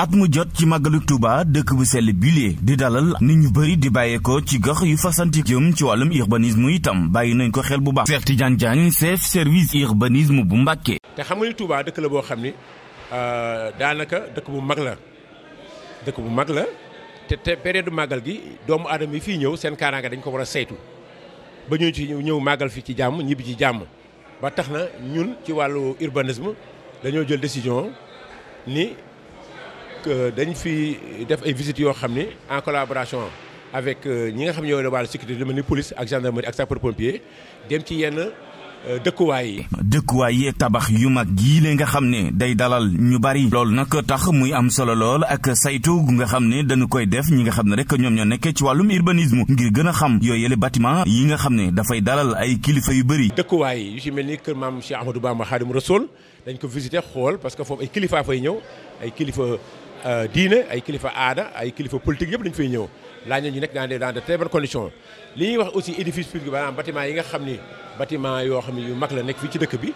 at mu jot ci màggalu Touba dëkk bu sell bilee di dalal nit ñu bari di bàyyeekoo ci gox yu fasanti jëm ci wàllum urbanisme itam bàyyi nañ ko xel bu baax Cheikh Tidiane Diagne chef service urbanisme bu Mbàkke te xam nga ni Touba dëkk la boo xam ni euh, daanaka dëkk bu mag la dëkk bu mag la te te période màggal gi doomu aadama yi fii ñëw seen kaaraange dañ ko war a saytu ba ñu ci ñëw màggal fi ci jàmm ñibbi ci jàmm ba tax na ñun ci wàllu urbanisme dañoo jël décision ni Euh, dañu fi def ay visites yoo xam ne en collaboration avec euh, ñi nga xam ne ñoo wàllu sécurité lu mel ni police ak gendarmerie ak sapeur pompier dem ci yenn dëkkuwaay euh, dëkkuwaay yi tabax yu mag yii la nga xam ne day dalal ñu bari. lool nag tax muy am solo lool ak saytu gu nga xam ne dañu koy def ñi nga xam ne rek ñoom ñoo nekkee ci wàllum urbanisme ngir gën a xam yooyu yële bâtiment yi nga xam ne dafay dalal ay kilifa yu bëri. dëkkuwaay yi yu ci mel ni kër maam Cheikh Ahmadou Bamba Khadim Rassoul dañ ko visité xool parce que foofu ay kilifa fay ñëw ay kilifa. Euh, diine ay kilifa aada ay kilifa politique yëpp dañu fay ñëw laaj na ñu nekk dans des dans de très bonnes li ñuy wax aussi édifice public maanaam bâtiment yi nga xam ni bâtiment yoo xam ni yu mag la nekk fii ci dëkk bi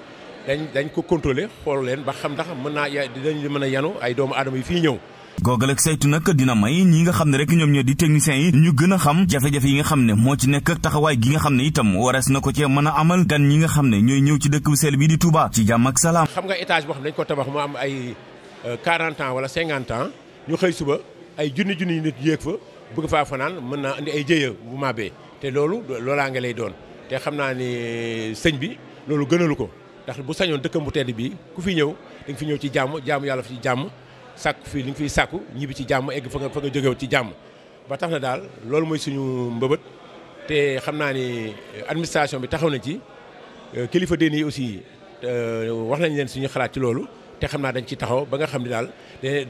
dañ dañ ko contrôler xool leen ba xam ndax mën naa dinañ mën a yanu ay doomu aadama yi fii ñëw googal ak saytu nag dina may ñi nga xam ne rek ñoom ñoo di techniciens yi ñu gën a xam jafe-jafe yi nga xam ne moo ci nekk ak taxawaay gi nga xam ne itam warees na ko ci mën a amal gan ñi nga xam ne ñooy ñëw ci dëkk bu sell di Touba ci jàmm ak xam nga étage boo dañ ko tabax mu ay 40 euh, ans wala 50 ans ñu xëy suba ay junni junni nit yéeg fa bëgg faa fanaan mën naa indi ay jëye bu màbbee te loolu loolaa nga lay doon te xam naa ni euh, sëñ bi loolu gënalu ko ndax bu sañoon dëkkam bu tedd bii ku fi ñëw da nga fi ñëw ci jàmm jàmm yàlla fi ci jàmm sàkku fii li nga fiy sàkku ñibbi ci jàmm egg fa nga fa nga jógew ci jàmm ba tax na daal loolu mooy suñu mbëbët te xam naa ni euh, administration bi taxaw na ci kilifa déni nii aussi wax nañ leen suñu xalaat ci loolu te xam naa dañ ci taxaw ba nga xam ne daal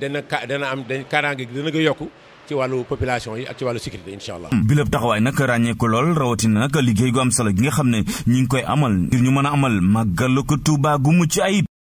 dana dana am dañ kaaraange gi dana ko yokku ci wàllu population yi ak ci wàllu sécurité incha allah. bilab taxawaay nag ràññee ko lool rawatina nag liggéey gu am solo gi nga xam ne ñu ngi koy amal ngir ñu mën a amal màggal ko Tuubaa gu mucc ayib.